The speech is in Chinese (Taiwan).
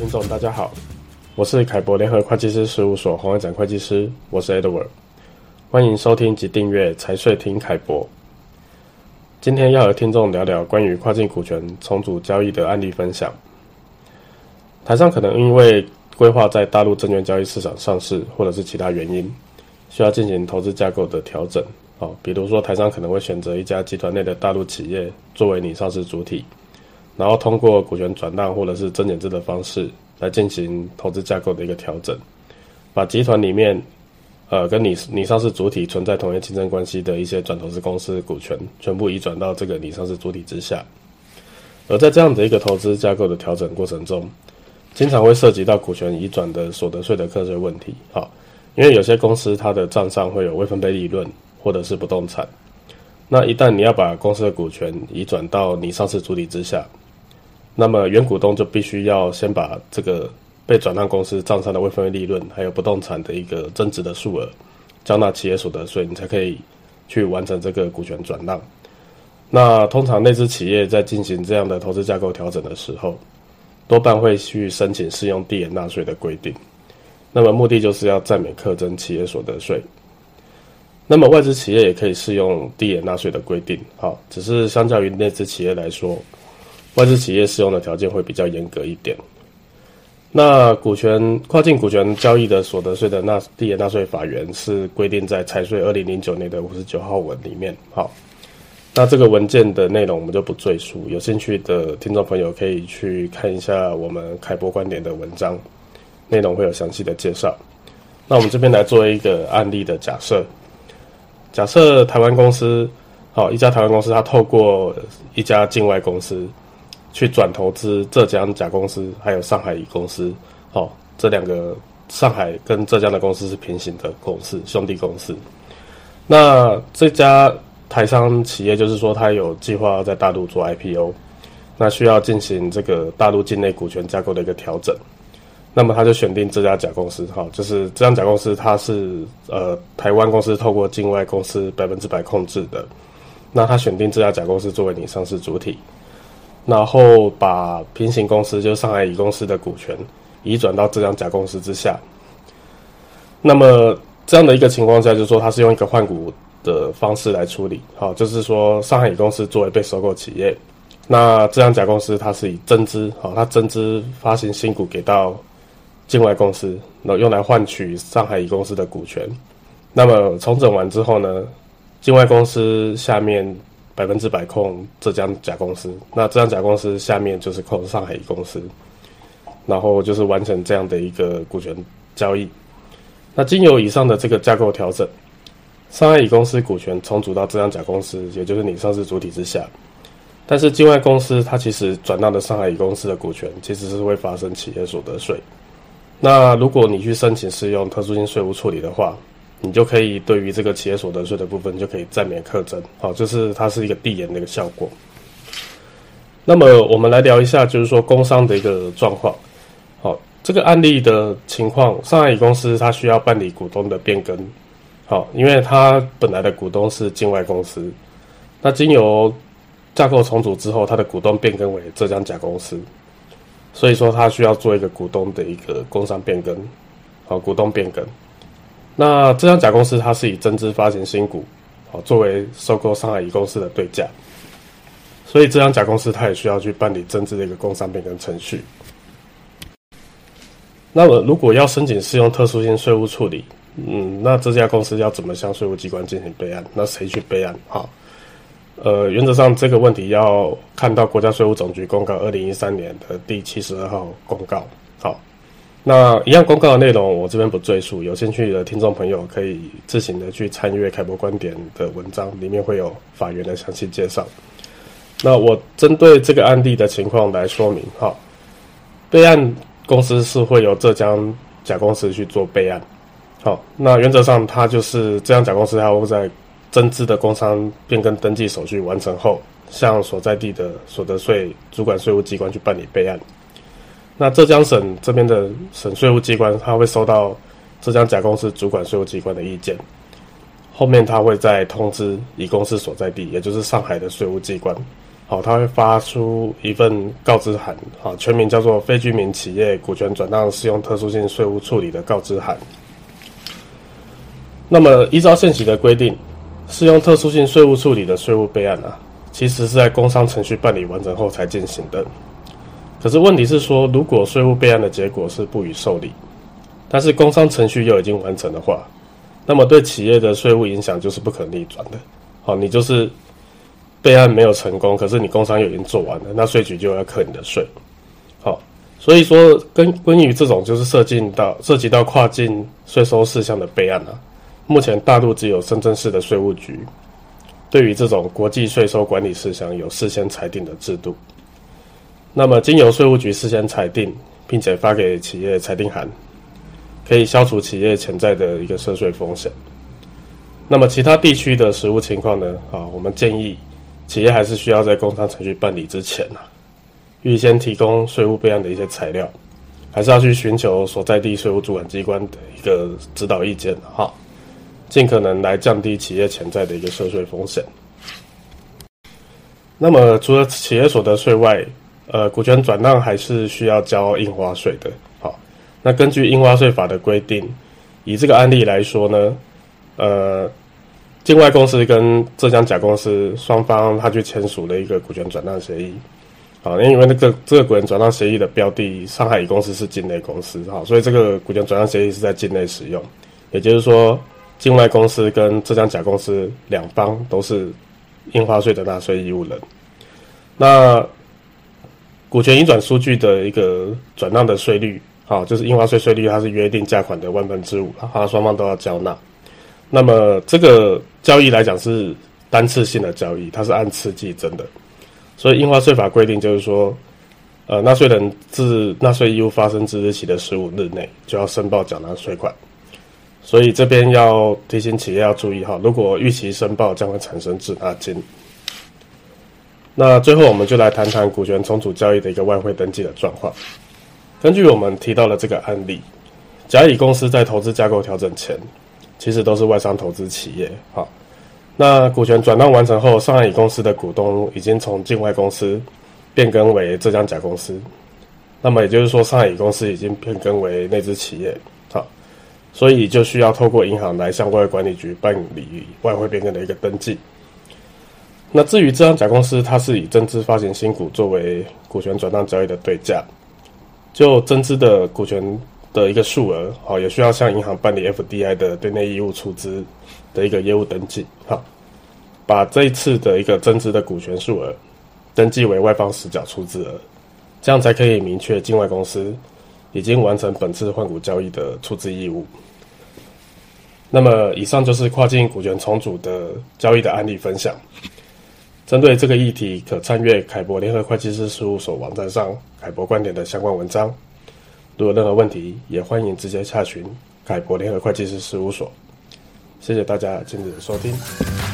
聽眾大家好，我是凱博聯合會計師事務所黃萬展會計師，我是 Edward，歡迎收聽及訂閱財稅聽凱博。今天要和聽眾聊聊關於跨境股權重組交易的案例分享。台商可能因為規劃在大陸證券交易市場上市，或者是其他原因，需要進行投資架構的調整啊、哦，比如說台商可能會選擇一家集團內的大陸企業作為擬上市主體。然後通過股權轉讓或者是增減資的方式來進行投資架構的一個調整，把集團裡面，呃，跟你你上市主體存在同業競爭關係的一些轉投資公司股權全部移轉到這個你上市主體之下，而在這樣的一個投資架構的調整過程中，經常會涉及到股權移轉的所得稅的課稅問題。好、哦，因為有些公司它的賬上會有未分配利潤或者是不動產，那一旦你要把公司的股權移轉到你上市主體之下。那麼，原股東就必須要先把這個被轉讓公司賬上的未分配利潤，還有不動產的一個增值的數額，繳納企業所得稅，你才可以去完成這個股權轉讓。那通常內資企業在進行這樣的投資架構調整的時候，多半會去申請適用遞延納稅的規定。那麼目的就是要暫免課徵企業所得稅。那麼外資企業也可以適用遞延納稅的規定，好，只是相較於內資企業來說。外資企業適用的條件會比較嚴格一點。那股權跨境股權交易的所得稅的遞延納稅法源是規定在財稅二零零九年的五十九號文裡面。好，那這個文件的內容我們就不贅述，有興趣的聽眾朋友可以去看一下我們凱博觀點的文章，內容會有詳細的介紹。那我們這邊來做一個案例的假設，假設台灣公司，好一家台灣公司，它透過一家境外公司。去轉投資浙江甲公司，還有上海乙公司，好、哦，這兩個上海跟浙江的公司是平行的公司，兄弟公司。那這家台商企業就是說，他有計劃在大陸做 IPO，那需要進行這個大陸境內股權架構的一個調整。那麼他就選定這家甲公司，哈、哦，就是這家甲公司，它是呃台灣公司透過境外公司百分之百控制的。那他選定這家甲公司作為擬上市主體。然後把平行公司，就是上海乙公司的股權，移轉到浙江甲公司之下。那麼這樣的一個情況下，就是說它是用一個換股的方式來處理，好，就是說上海乙公司作為被收購企業，那浙江甲公司它是以增資，好，它增資發行新股給到境外公司，那用來換取上海乙公司的股權。那麼重整完之後呢，境外公司下面。百分之百控浙江甲公司，那浙江甲公司下面就是控上海乙公司，然後就是完成這樣的一個股權交易。那經由以上的這個架構調整，上海乙公司股權重組到浙江甲公司，也就是你上市主體之下。但是境外公司它其實轉讓的上海乙公司的股權，其實是會發生企業所得稅。那如果你去申請適用特殊性稅務處理的話，你就可以對於這個企業所得稅的部分就可以暫免課徵，好、哦，就是它是一個遞延的一個效果。那麼我們來聊一下，就是說工商的一個狀況。好、哦，這個案例的情況，上海乙公司它需要辦理股東的變更，好、哦，因為它本來的股東是境外公司，那經由架構重組之後，它的股東變更為浙江甲公司，所以說它需要做一個股東的一個工商變更，好、哦，股東變更。那這家甲公司它是以增資發行新股，好、哦、作為收購上海乙公司的對價，所以這家甲公司它也需要去辦理增資的一個工商變更程序。那麼如果要申請適用特殊性稅務處理，嗯，那這家公司要怎麼向稅務機關進行備案？那誰去備案啊、哦？呃，原則上這個問題要看到國家稅務總局公告二零一三年的第七十二號公告。那一樣公告的內容，我這邊不贅述，有興趣的聽眾朋友可以自行的去參閱《凱博觀點》的文章，裡面會有法院的詳細介紹。那我針對這個案例的情況來說明哈，備案公司是會由浙江甲公司去做備案。好，那原則上，它就是浙江甲公司，它會在增資的工商變更登記手續完成後，向所在地的所得稅主管稅務機關去辦理備案。那浙江省這邊的省稅務機關，他會收到浙江甲公司主管稅務機關的意見，後面他會再通知乙公司所在地，也就是上海的稅務機關。好、哦，他會發出一份告知函，啊，全名叫做《非居民企業股權轉讓適用特殊性稅務處理的告知函》。那麼，依照現行的規定，適用特殊性稅務處理的稅務備案啊，其實是在工商程序辦理完成後才進行的。可是問題是說，如果稅務備案的結果是不予受理，但是工商程序又已經完成的話，那麼對企業的稅務影響就是不可逆轉的。好、哦，你就是備案沒有成功，可是你工商又已經做完了，那稅局就要扣你的稅。好、哦，所以說跟關於這種就是涉及到涉及到跨境稅收事項的備案呢、啊，目前大陸只有深圳市的稅務局對於這種國際稅收管理事項有事先裁定的制度。那麼，經由稅務局事先裁定，並且發給企業裁定函，可以消除企業潛在的一個涉稅風險。那麼，其他地區的實務情況呢？啊，我們建議企業還是需要在工商程序辦理之前啊，預先提供稅務備案的一些材料，還是要去尋求所在地稅務主管機關的一個指導意見、啊、哈，盡可能來降低企業潛在的一個涉稅風險。那麼，除了企業所得稅外，呃，股權轉讓還是需要交印花稅的。好，那根據印花稅法的規定，以這個案例來說呢，呃，境外公司跟浙江甲公司雙方，他去簽署了一個股權轉讓協議。好，因為那個這個股權轉讓協議的標的，上海乙公司是境內公司，好，所以這個股權轉讓協議是在境內使用。也就是說，境外公司跟浙江甲公司兩方都是印花稅的納稅義務人。那股權移轉數據的一個轉讓的稅率，好，哦，就是印花稅稅率，它是約定價款的萬分之五了，好，雙方都要交納。那麼這個交易來講是單次性的交易，它是按次計徵的。所以印花稅法規定就是說，呃，納稅人自納稅義務發生之日起的十五日內就要申報繳納稅款。所以這邊要提醒企業要注意哈，哦，如果逾期申報，將會產生滯納金。那最後，我們就來談談股權重組交易的一個外匯登記的狀況。根據我們提到的這個案例，甲乙公司在投資架構調整前，其實都是外商投資企業。好，那股權轉讓完成後，上海乙公司的股東已經從境外公司變更為浙江甲公司。那麼也就是說，上海乙公司已經變更為內資企業。好，所以就需要透過銀行來向外匯管理局辦理外匯變更的一個登記。那至於這家甲公司，它是以增資發行新股作為股權轉讓交易的對價，就增資的股權的一個數額，好，也需要向銀行辦理 FDI 的對內義務出資的一個業務登記，好，把這一次的一個增資的股權數額登記為外方實繳出資額，這樣才可以明確境外公司已經完成本次換股交易的出資義務。那麼，以上就是跨境股權重組的交易的案例分享。針對這個議題，可參閱凱博聯合會計師事務所網站上凱博觀點的相關文章。如有任何問題，也歡迎直接洽詢凱博聯合會計師事務所。謝謝大家今日的收聽。